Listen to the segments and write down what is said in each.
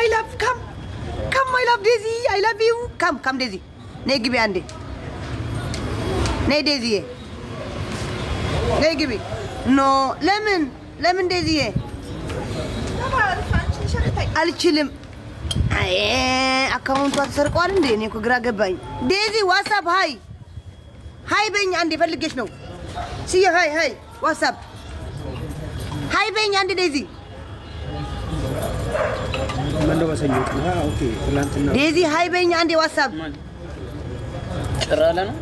አይ ላቭ ካም ካም አይ ላቭ ዴዚ አይ ላቭ ዩ ካም ካም ዴዚ ነይ ግቢ አንዴ ነይ ዴዚዬ ነይ ግቢ ኖ ለምን ለምን ዴዚዬ አልችልም አካውንቷ ተሰርቀዋል እንዴ እኔ እኮ ግራ ገባኝ ዴዚ ዋትስአፕ ሀይ ሀይ በይኝ አንዴ ፈልጌሽ ነው ስዬ ሀይ ሀይ ዋትሳፕ ሀይ በይኝ አንዴ ዴዚ ዴዚ ሀይ በይኝ አንዴ። ዋሳብ ጭር አለ ነው።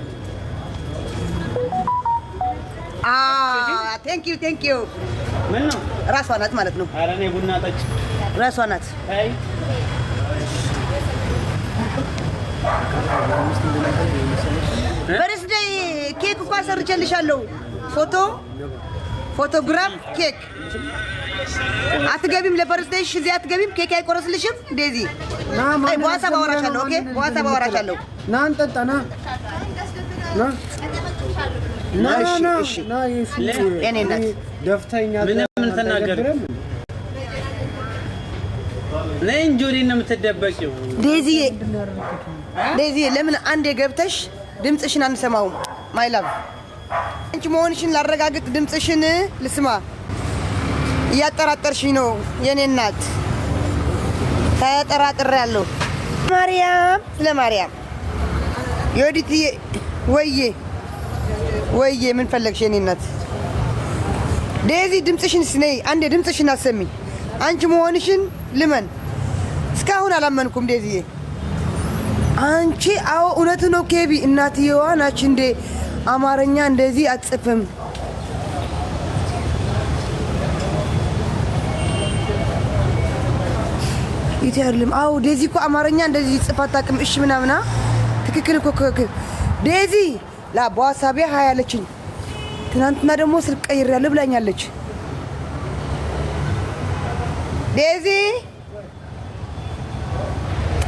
ቴንኪው ቴንኪው። ራሷ ናት ማለት ነው። ራሷ ናት። በርስደይ ኬክ እኮ አሰርቼልሻለሁ። ፎቶ ፎቶግራፍ ኬክ አትገቢም፣ ለበርዝዴሽ እዚህ አትገቢም። ኬክ አይቆረስልሽም። ዴዚ በዋሳ ባወራሻለሁ። ኦኬ፣ በዋሳ ባወራሻለሁ። ና እንጠጣ፣ ና ና ና ና ና። የኔ እናት ደፍተኛ ምንም ተናገር ነይ እንጂ ነው የምትደበቂው። ዴዚዬ ዴዚዬ ለምን አንዴ ገብተሽ ድምፅሽን አንሰማውም? ማይ ላቭ አንቺ መሆንሽን ላረጋግጥ ድምፅሽን ልስማ። እያጠራጠርሽ ነው የኔ እናት። ያለሁ ማርያም ለማርያም የወዲት ወዬ ወዬ ምን ፈለግሽ የኔ እናት? ዴዚ ድምፅሽን ነይ አንዴ ድምፅሽን አሰሚ። አንቺ መሆንሽን ልመን እስካሁን አላመንኩም ዴዚዬ። አንቺ አዎ እውነት ነው ኬቢ እናትየዋ ናች እንዴ? አማርኛ እንደዚህ አትጽፍም ጌታ አይደለም። አዎ ዴዚ እኮ አማርኛ እንደዚህ ጽፋት አታውቅም። እሺ ምናምና ትክክል እኮ ዴዚ ላ በዋሳቢያ ሀያ አለችኝ። ትናንትና ደግሞ ስልክ ቀይሬያለሁ ብላኛለች። ዴዚ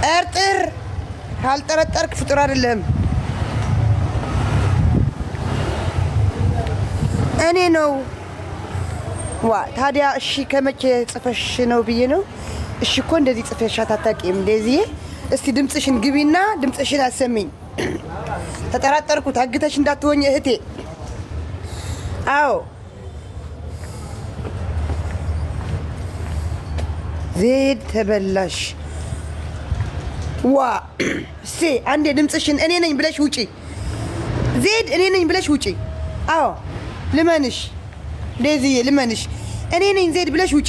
ጠርጥር፣ ካልጠረጠርክ ፍጡር አይደለም። እኔ ነው ዋ ታዲያ። እሺ ከመቼ ጽፈሽ ነው ብዬ ነው እሺ እኮ እንደዚህ ጽፈሻት አታውቂም። እንደዚህ እስቲ ድምፅሽን ግቢና ድምፅሽን አሰሚኝ። ተጠራጠርኩት። ታግተሽ እንዳትሆኝ እህቴ። አዎ ዜድ ተበላሽ። ዋ እስቲ አንዴ ድምፅሽን እኔ ነኝ ብለሽ ውጪ። ዜድ እኔ ነኝ ብለሽ ውጪ። አዎ ልመንሽ፣ ዴዚዬ ልመንሽ፣ እኔ ነኝ ዜድ ብለሽ ውጪ።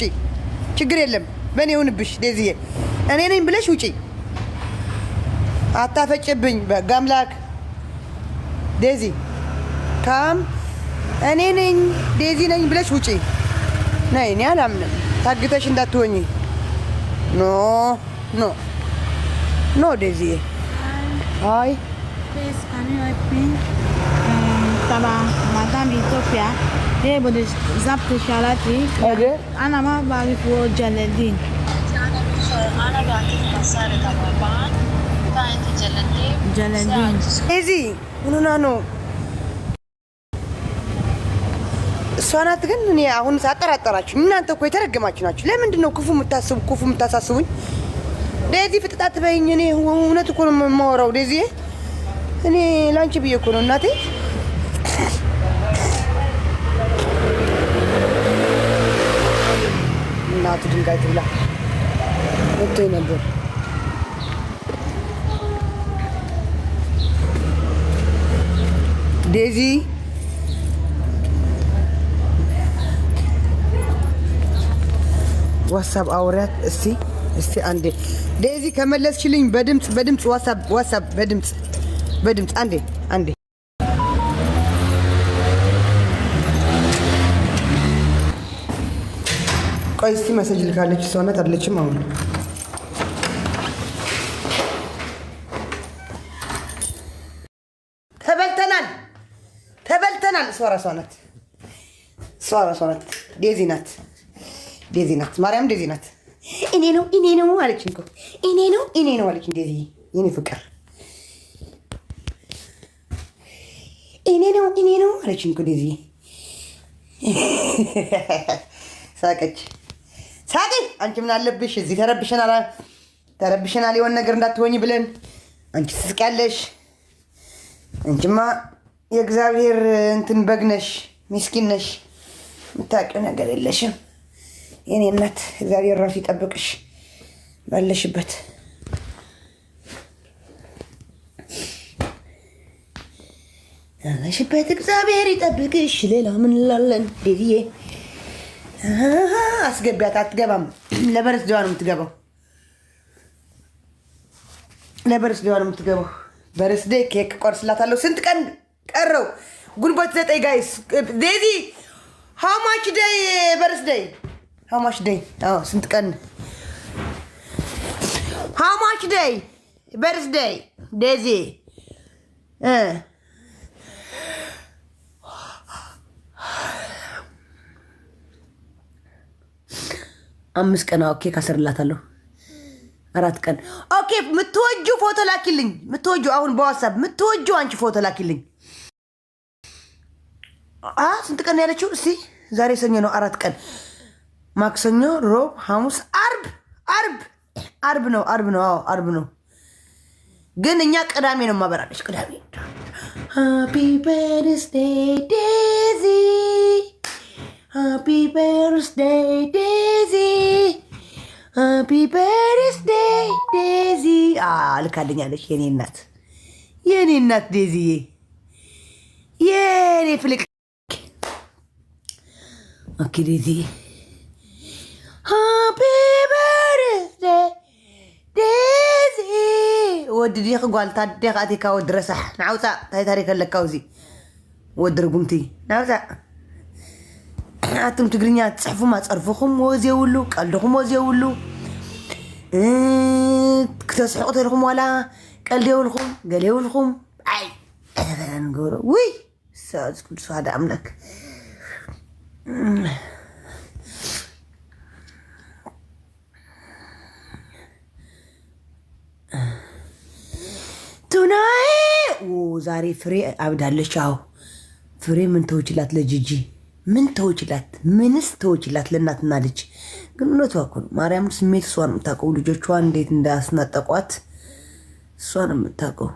ችግር የለም ምን ይሁንብሽ ዴዚዬ፣ እኔ ነኝ ብለሽ ውጪ። አታፈጭብኝ በጋምላክ ዴዚ ካም እኔ ነኝ ዴዚ ነኝ ብለሽ ውጪ። ነይ እኔ አላምንም። ታግተሽ እንዳትሆኝ። ኖ ኖ ኖ ዴዚዬ፣ አይ ኢትዮጵያ Те бъде запте шалати. Оде? Ана ма бави по джаледин. Джаледин. Ези, ኑና ነው እሷ ናት ግን እኔ አሁን ሳጠራጠራችሁ እናንተ እኮ የተረገማችሁ ናችሁ። ለምንድን ነው ክፉ የምታስቡ ክፉ የምታሳስቡኝ? ዴዚ ፍጥጣ ትበይኝ። እኔ እውነት እኮ ነው የማወራው ዴዚ። እኔ ላንቺ ብዬ እኮ ነው እናቴ አራት ድንጋይ ትብላ ወጥቶ ነበር። ዴዚ ዋትሳፕ አውሪያት እስቲ እስቲ አንዴ ዴዚ ከመለስችልኝ በድምፅ በድምፅ ዋትሳፕ ዋትሳፕ በድምፅ በድምፅ አንዴ አንዴ ቆይ እስቲ መሰጅ ልካለች። ሰውነት አለችም አሁን ተበልተናል፣ ተበልተናል። እሷ እራሷ እሷ ዴዚ ናት፣ ዴዚ ናት፣ ማርያም ዴዚ ናት። እኔ ነው እኔ ነው አለች እኮ እኔ ነው እኔ ነው አለች ዴዚ የኔ ፍቅር እኔ ነው እኔ ነው አለች እኮ ዴዚ ሳቀች። ሳቂ አንቺ ምን አለብሽ? እዚህ ተረብሸናል ተረብሸናል የሆነ ነገር እንዳትሆኝ ብለን አንቺ ትስቂያለሽ። አንቺማ የእግዚአብሔር እንትን በግነሽ ሚስኪን ነሽ፣ የምታውቂው ነገር የለሽም። የኔ እናት እግዚአብሔር ራሱ ይጠብቅሽ ባለሽበት። ባለሽበት እግዚአብሔር ይጠብቅሽ። ሌላ ምን ላለን አስገቢያት። አትገባም። ለበረስደዋ ነው የምትገባው። ለበረስደዋ ነው የምትገባው። በረስዴ ኬክ ቆርስላታለሁ። ስንት ቀን ቀረው? ጉንበት ዘጠኝ ጋይስ ዴዚ ሀማች ደይ ደይ ሀማች ደይ ስንት ቀን ሀማች ደይ በርስ ደይ ዴዚ አምስት ቀን ኦኬ፣ ካሰርላታለሁ። አራት ቀን ኦኬ። ምትወጁ ፎቶ ላኪልኝ። ምትወጁ አሁን በዋትሳፕ ምትወጁ አንቺ ፎቶ ላኪልኝ። ስንት ቀን ያለችው? እስቲ ዛሬ ሰኞ ነው። አራት ቀን ማክሰኞ፣ ሮብ፣ ሐሙስ፣ አርብ አርብ አርብ ነው። አርብ ነው። አዎ አርብ ነው። ግን እኛ ቅዳሜ ነው ማበራለች። ቅዳሜ ሃፒ በርዝዴይ ዴዚ happy birthday Daisy happy birthday Daisy! ആ የኔ እናት የኔ እናት ዴዚዬ የኔ ፍልክ ኦኬ ዴዚዬ ሃፒ በርዝዴ ዴዚ ወዲ ዲኽ ጓል ታዴኻእቲካ ወዲ ረሳሕ ንዓውፃእ ታሪክ ኣለካ ውዚ ወዲ ርጉምቲ ናውፃእ ሰዓትም ትግርኛ ትፅሕፉም ኣፀርፍኹም ወዝ የብሉ ቀልድኹም ወዝ የብሉ ክተስሕቁ ተልኩም ዋላ ቀልዲ የብልኩም ገለ የብልኩም ይ ንገብሮ ውይ ሰዝ ቅዱስ ሓደ ኣምላክ ቱናይ ዛሬ ፍሬ ኣብ ዳለቻው ፍሬ ምን ተውችላት ለጅጂ ምን ተወችላት? ምንስ ተወችላት? ለእናትና ልጅ ግን እውነቷ እኮ ነው። ማርያም ስሜት እሷ ነው የምታውቀው። ልጆቿ እንዴት እንዳስናጠቋት እሷ ነው የምታውቀው።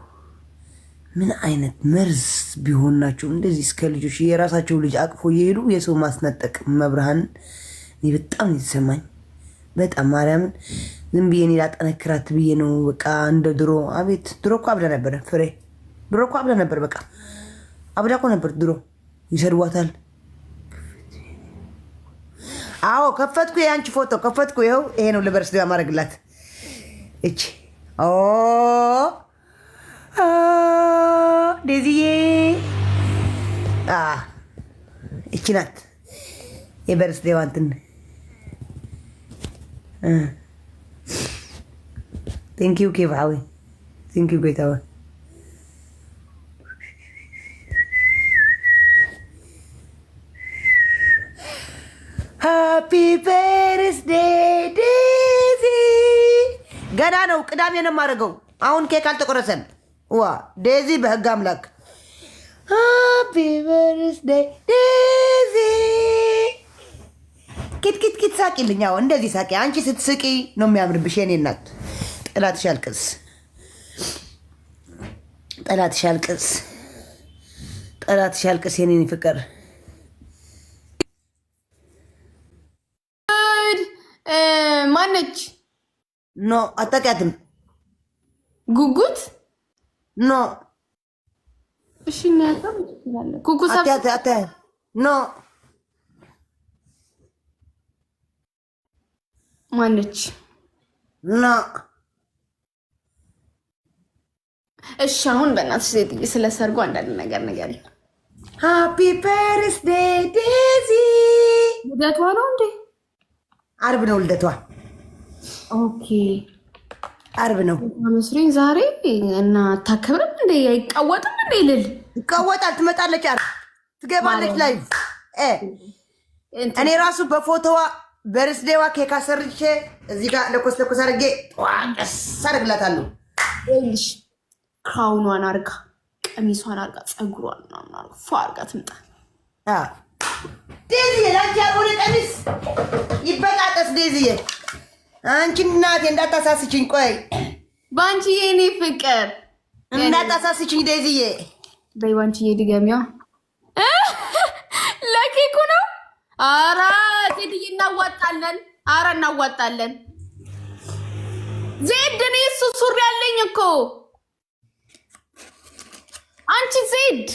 ምን አይነት መርዝ ቢሆን ናቸው እንደዚህ እስከ ልጆች የራሳቸው ልጅ አቅፎ እየሄዱ የሰው ማስነጠቅ። መብርሃን እኔ በጣም የተሰማኝ በጣም ማርያምን ዝም ብዬ እኔ ላጠነክራት ብዬ ነው። በቃ እንደ ድሮ አቤት ድሮ እኮ አብዳ ነበረ ፍሬ ድሮ እኮ አብዳ ነበር። በቃ አብዳ እኮ ነበር ድሮ። ይሰድቧታል አዎ ከፈትኩ፣ የአንቺ ፎቶ ከፈትኩ። ይኸው ይሄ ነው ልበርስ ማድረግላት እች ዴዚዬ እቺ ናት የበርስ ዴዋንትን ቴንኪዩ ኬቫዊ ቴንኪዩ ጌታዊ ገና ነው። ቅዳሜ ነው የማደርገው። አሁን ኬክ አልተቆረሰም። ዋ ዴዚ፣ በህግ አምላክ ሃፒ በርስዴ ዴዚ። ኪትኪትኪት ሳቂልኝ። አዎ እንደዚህ ሳቂ። አንቺ ስትስቂ ነው የሚያምርብሽ። የኔ እናት ጠላትሽ አልቅስ፣ ጠላትሽ አልቅስ፣ ጠላትሽ አልቅስ። የኔን ፍቅር ኖ አታውቂያትም። ጉጉት ኖ እሺ፣ ኖ ማነች? ኖ እሺ፣ አሁን በእናትሽ ዜጥዬ ስለ ሰርጉ አንዳንድ ነገር ነገር ሃፒ ፐርስ ዴዚ ልደቷ ነው እንዴ? አርብ ነው ልደቷ። ኦኬ አርብ ነው መስሎኝ። ዛሬ እና ታከብርም እንደ አይቃወጥም እንደ ይልል ይቃወጣል። ትመጣለች፣ አር ትገባለች። ላይ እኔ ራሱ በፎቶዋ በርስዴዋ ኬክ አሰርቼ እዚህ ጋር ለኮስ ለኮስ አድርጌ ጠዋቀስ አደርግላታለሁ። ክራውኗን አርጋ ቀሚሷን አርጋ ፀጉሯን ፎ አርጋ ትምጣ። ዴዚዬ ላንቺ ያልሆነ ቀሚስ ይበጣጠስ ዴዚዬ አንቺ እናቴ እንዳታሳስችኝ፣ ቆይ ባንቺ የኔ ፍቅር እንዳታሳስችኝ፣ ደዚዬ በይ ባንቺ ድገሚዋ። ለኬኩ ነው። አራ ዜድዬ እናዋጣለን፣ አራ እናዋጣለን። ዜድ እኔ እሱ ሱሪ ያለኝ እኮ አንቺ ዜድ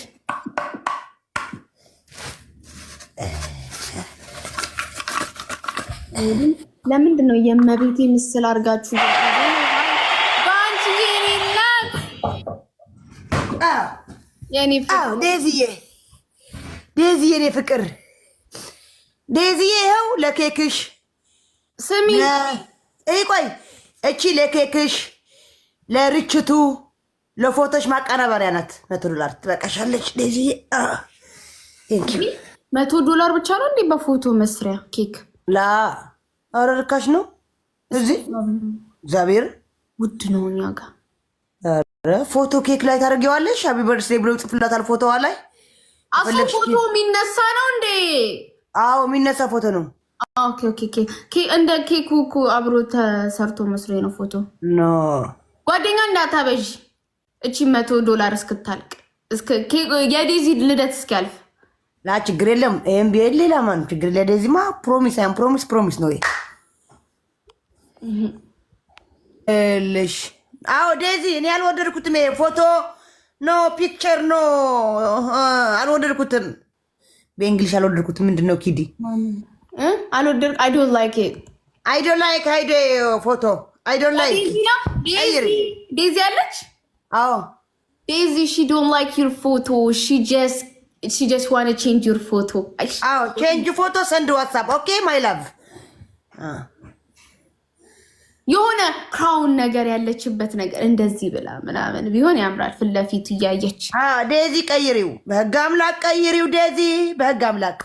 ዜድ ለምንድን ነው የእመቤቴ ምስል አድርጋችሁ ዴዚዬ ዴዚዬ እኔ ፍቅር ዴዚዬ ይኸው ለኬክሽ ስሚ ቆይ እቺ ለኬክሽ ለርችቱ ለፎቶች ማቀናበሪያ ናት። መቶ ዶላር ትበቃሻለች ዴዚዬ። መቶ ዶላር ብቻ ነው እንዴ በፎቶ መስሪያ ኬክ ላ አረ ርካሽ ነው እዚህ እግዚአብሔር ውድ ነው እኛ ጋ። ፎቶ ኬክ ላይ ታደርጊዋለሽ። ሀቢ በርስዴ ብሎ ጽፍላታል። ፎቶዋ ላይ አሱ ፎቶ የሚነሳ ነው እንዴ? አዎ የሚነሳ ፎቶ ነው። እንደ ኬኩ እኮ አብሮ ተሰርቶ መስሎ ነው ፎቶ። ጓደኛ እንዳታበዥ እቺ መቶ ዶላር እስክታልቅ የዴዚ ልደት እስኪያልፍ ላ ችግር የለም ኤምቢኤ ሌላ ማ ችግር ለዴዚማ ፕሮሚስ ፕሮሚስ ፕሮሚስ ነው። ይሄ እልሽ አዎ፣ ዴዚ እኔ አልወደድኩትም። ፎቶ ኖ ፒክቸር ኖ አልወደድኩትም። በእንግሊሽ አልወደድኩትም። ምንድን ነው ኪዲ አልወደድኩ። አይ ዶንት ላይክ አይ ዶንት ላይክ አይ ፎቶ አይ ዶንት ላይክ ዴዚ አለች። አዎ ዴዚ ሺ ዶንት ላይክ ዩር ፎቶ ሺ ጀስት ሺ ጀስት ዋን ቼንጅ ዩር ፎቶ። ቼንጅ ፎቶ ሰንድ ዋትሳፕ ኦኬ ማይ ላቭ የሆነ ክራውን ነገር ያለችበት ነገር እንደዚህ ብላ ምናምን ቢሆን ያምራል። ፊት ለፊት እያየች ዴዚ ቀይሪው፣ በህግ አምላክ ቀይሪው፣ ዴዚ በህግ አምላክ።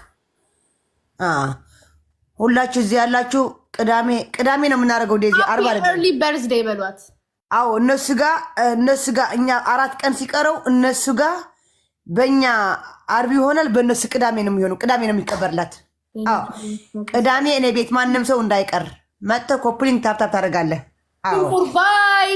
ሁላችሁ እዚህ ያላችሁ ቅዳሜ ቅዳሜ ነው የምናደርገው። ዴዚ አርባ ርሊ በርዝዴይ በሏት። አዎ እነሱ ጋር እነሱ ጋር እኛ አራት ቀን ሲቀረው እነሱ ጋር በእኛ አርብ ይሆናል፣ በእነሱ ቅዳሜ ነው የሚሆነው። ቅዳሜ ነው የሚቀበርላት ቅዳሜ እኔ ቤት ማንም ሰው እንዳይቀር መጥተህ ኮፕሊንግ ታፕታፕ ታደርጋለህ። ባይ